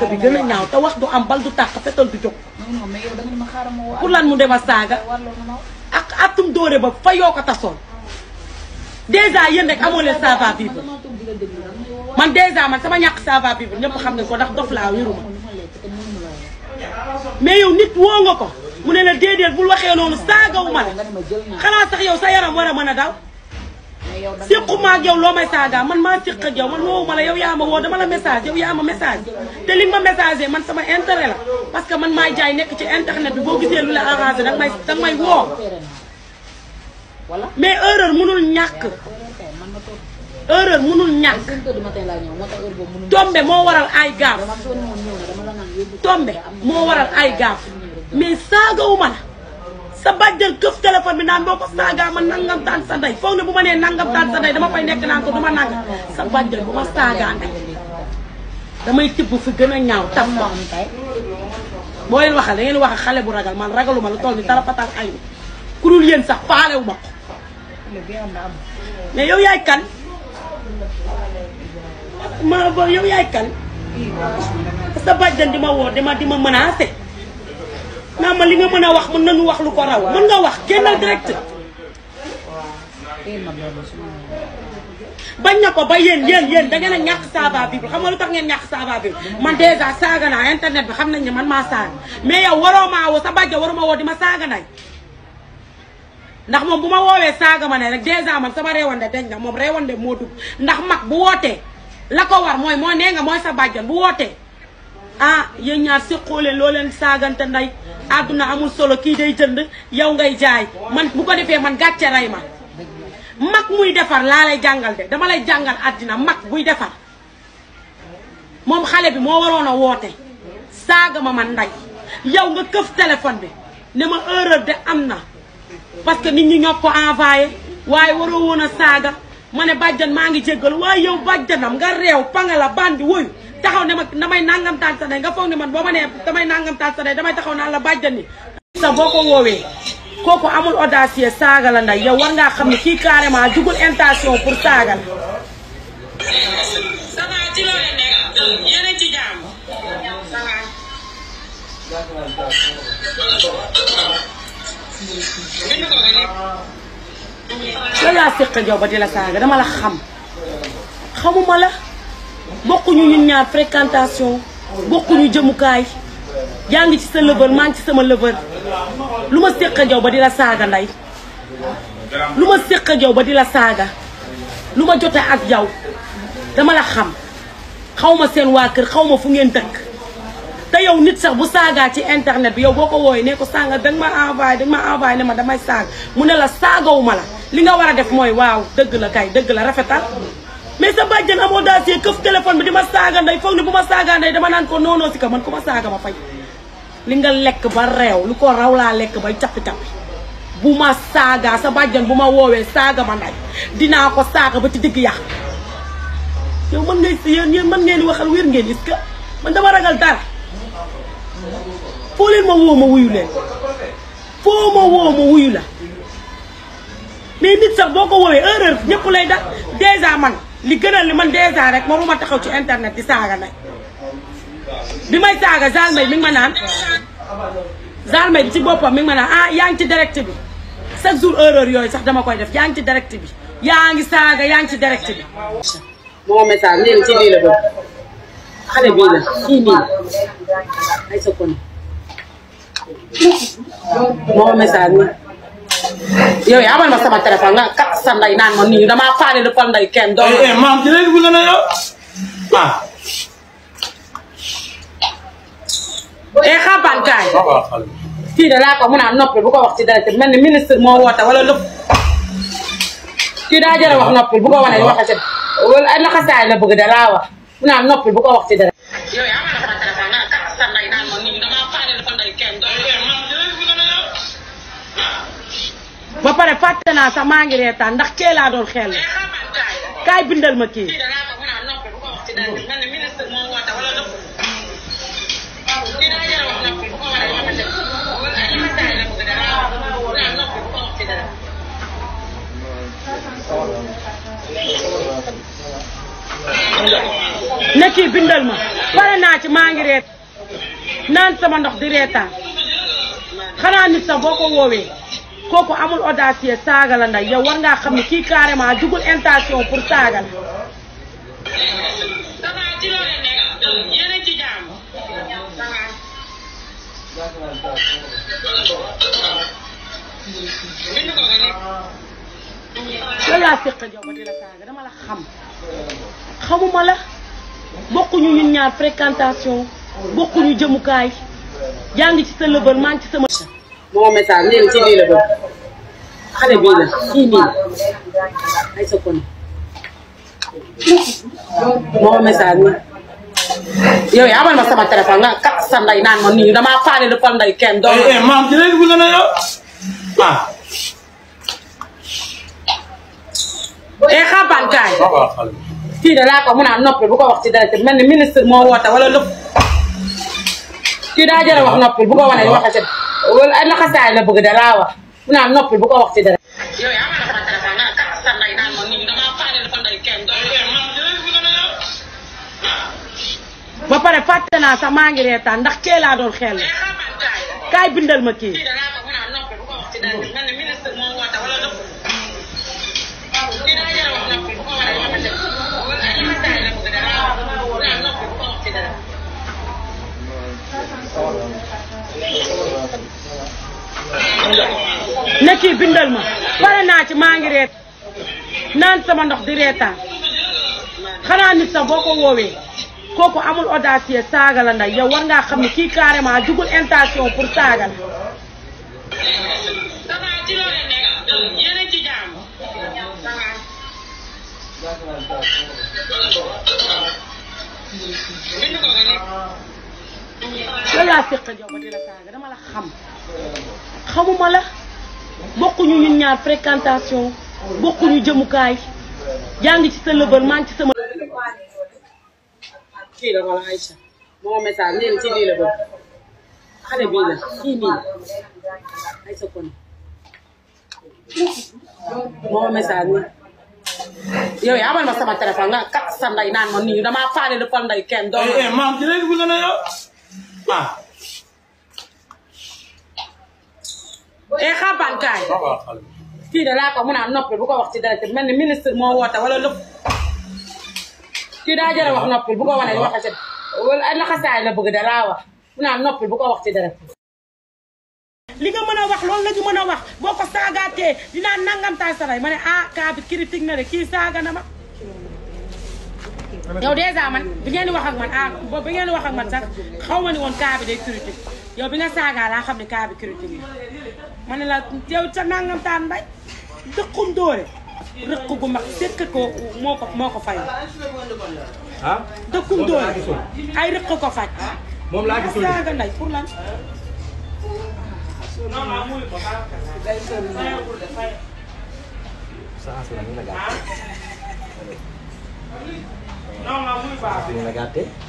saaga bi a ñaaw te wax du am bal du tàq fetal du jóg. pour lan mu dem a saaga. ak atum dóore ba fa yoo ko tasoon. dèjà yéen rek amoo leen ça va vivre man dèjà man sama ñàkk ça va vivre ñëpp xam ne ko ndax dof laa yoruma. mais yow nit woo nga ko mu ne la déedéet bul waxee noonu saagawu ma la xanaa sax yow sa yaram war a mën a daw. séquma ak yow loo may saaga man maa séq ak man woowu ma la yow yaa ma woo dama la message yow yaa ma message te li ma messagé man sama intérêt la parce que man maa jaay nekk ci internet bi boo gisee lu la arrangé danga may danga may woo mais erreur mënul ñàkk erreur mënul ñàkk tombe moo waral ay gaaf tombe moo waral ay gaaf mais saagawuma la sa bàjjen këf téléphone bi naan boo ko saagaa ma nangam taan sa ndey foog ne bu ma nee nangam taan sa ndey dama fay nekk naan ko du ma nangam sa bàjjen bu ma saagaa ndey damay tibb fi gën a ñaaw tam ko boo leen waxal wax xale bu ragal ma ko mais yow yaay kan ma yow yaay kan sa bàjjen di ma woo di ma di ma menacé naa ma li nga mën a wax mën nañu wax lu ko raw mën nga wax génnal direct bañ na ko ba yéen yéen yéen da ngeen a ñàkk saaba bi xam nga lu tax ngeen ñàkk saaba bi man dèjà saaga naa internet bi xam nañ ne man maa saaga mais yow waroo maa woo sa bàjjo waruma woo di saaga nañ ndax moom bu ma woowee saaga ma ne rek dèjà man sama reewande dañ na moom reewande moo dugg ndax mag bu wootee la ko war mooy mooy nee nga mooy sa bàjjan bu wootee ah yéen ñaar séqoo looleen saagante nday àdduna amul solo kii day jënd yow ngay jaay man bu ko defee man gàcce rey ma mag muy defar laa lay jàngal de dama lay jàngal àddina mag buy defar moom xale bi moo waroon a woote saaga ma man nday yow nga këf téléphone bi ne ma erreur de am na parce que nit ñi ñoo ko envoyé waaye waroo woon a saaga ma ne bàjjan maa ngi jéggal waaye yow bàjjanam nga réew panga la bandi woyu taxaw ne ma damay nangam taat sa day nga foog ne man boo ma damay nangam taat sa day damay taxaw naan la bàjjani sa boo ko woowee kooku amul audacieux saaga la nday yow war ngaa xam ne kii carrément jugul intation pour saaga la la laa di la saaga dama la xam xamuma la bokkuñu ñun ñaar fréquentation bokkuñu jëmukaay yaa ngi ci sa lëbër maa ngi ci sama lëbër lu ma séq ak yow ba di la saaga nday lu ma séq ak ba di la saaga lu ma jote ak yow dama la xam xaw ma seen waa kër xaw ma fu ngeen dëkk te yow nit sax bu saagaa ci internet bi yow boo ko wooyee ne ko saaga danga ma envoyé danga ma ne ma damay saaga mu ne la saagawu ma la li nga war a def mooy waaw dëgg la kay dëgg la rafetal mais sa bàjjan amoo daasiye këf téléphone bi di ma saaga ndey foog ni bu ma saaga ndey dama naan ko noonoo si ka man ku ma saaga ma fay li nga lekk ba reew lu ko raw laa lekk bay cappi-cappi bu ma saaga sa bàjjan bu ma woowee saaga ma ndey dinaa ko saaga ba ci digg yàq yow mën ngay si yéen yéen mën ngeen waxal wér ngeen gis que man dama ragal dara foo leen ma woo ma wuyu foo ma woo ma wuyu mais nit sax boo ko woowee erreur ñëpp lay da dèjà man li gënal li man dèjà rek moom ma taxaw ci internet di saaga nag bi may saaga Zalmay mi ngi ma naan Zalmay bi ci boppam mi ma naan ah yaa ngi ci direct bi chaque jour erreur yooyu sax dama koy def yaa ngi ci direct bi yaa ngi saaga yaa ngi ci direct bi. moo message nee na ci lii la bëgg xale bii la kii nii moo message nii yow yaa abal ma sama téléphone sa nday naan ma nii damaa faale de fal nday kenn. doon na eh, eh, maam ci léegi bu nga ne yow ah. eh xabaan kaay. kii de laa ko mun a noppi bu ko wax ci dara te mel ni ministre moo woote wala lépp. kii daa jëra wax noppi bu ko wane waxee ci wala ay naxasaay la bëgg da laa wax mun a noppi bu ko wax ci dara. pare fàtte naa sax maa ngi reetaan ndax kee ma kii. ne bindal ma pare naa ci maa ngi naan sama ndox di reetaan xanaa nit sax boo ko woowee. kooku amul audacieux saaga la nday yow war ngaa xam ne kii carrément jugul intention pour saaga la. lan laa séq dama la xam xamuma la bokkuñu ñun ñaar fréquentation bokkuñu jëmukaay jàng ngi ci sa lëbal maa ngi ci sama. moo message nee na ci eh, la bëgg xale bii la kii nii ay sa moo message nii yow yaa amal ma sama téléphone nga kat sa nday naan ma nii damaa faale lu fal nday kenn doon maam ci léegi kaay kii da mun a noppil bu wax ci dara te ni ministre moo woote wala lépp kii daa jëre wax noppil bu ko wane waxee ci wala ay naxasaay la bëgg dalaa wax naan noppi bu ko wax ci dara. yow yaa ma sama téléphone ah, naan maa ngi reetaan ndax kee laa doon xel kaay bindal ma ne kii bindal ma pare naa ci maa ngi reet naan sama ndox di reetaan xanaa nit sax boo ko woowee kooku amul audacieux saaga la nday yow war ngaa xam ne kii carrément jugul intation pour saaga la loolu laa dama la xam xamuma la bokkuñu ñun ñaar fréquentation bokkuñu jëmukaay yaa ngi ci sa lëbal maa ngi ci sama. kii na kii la Aïcha kon moo message nii yow yaa amal ma sama téléphone nga kat sa naan ma nii damaa faale lu fal ndey kenn doon. Eh, eh, maam dinañ bëgg na yow e eh, xabaan kaay kii da ko mun a noppil bu ko wax ci dara ci mel ni ministre moo woote wala lëpp kii daa wax noppil bu ko wane waxa ci wala laxasaay la bëgg da laa wax mun a noppil bu ko wax ci dara li nga mën a wax loolu la ñu a ma ne ah kaa bi critique na de kii saaga na ma yow dèjà man bi ngeen di wax man ah bi ngeen di wax man sax xaw ma ni woon kaa bi day critique yow bi nga saagaa laa xam ne kaa bi critique la ma ne la yow ca nangam taan mbay dëkkum dóore rëq gu mag ko moo ko moo ko fay ah dëkkum dóore ay rëq ko faj moom laa gisul saaga nday lan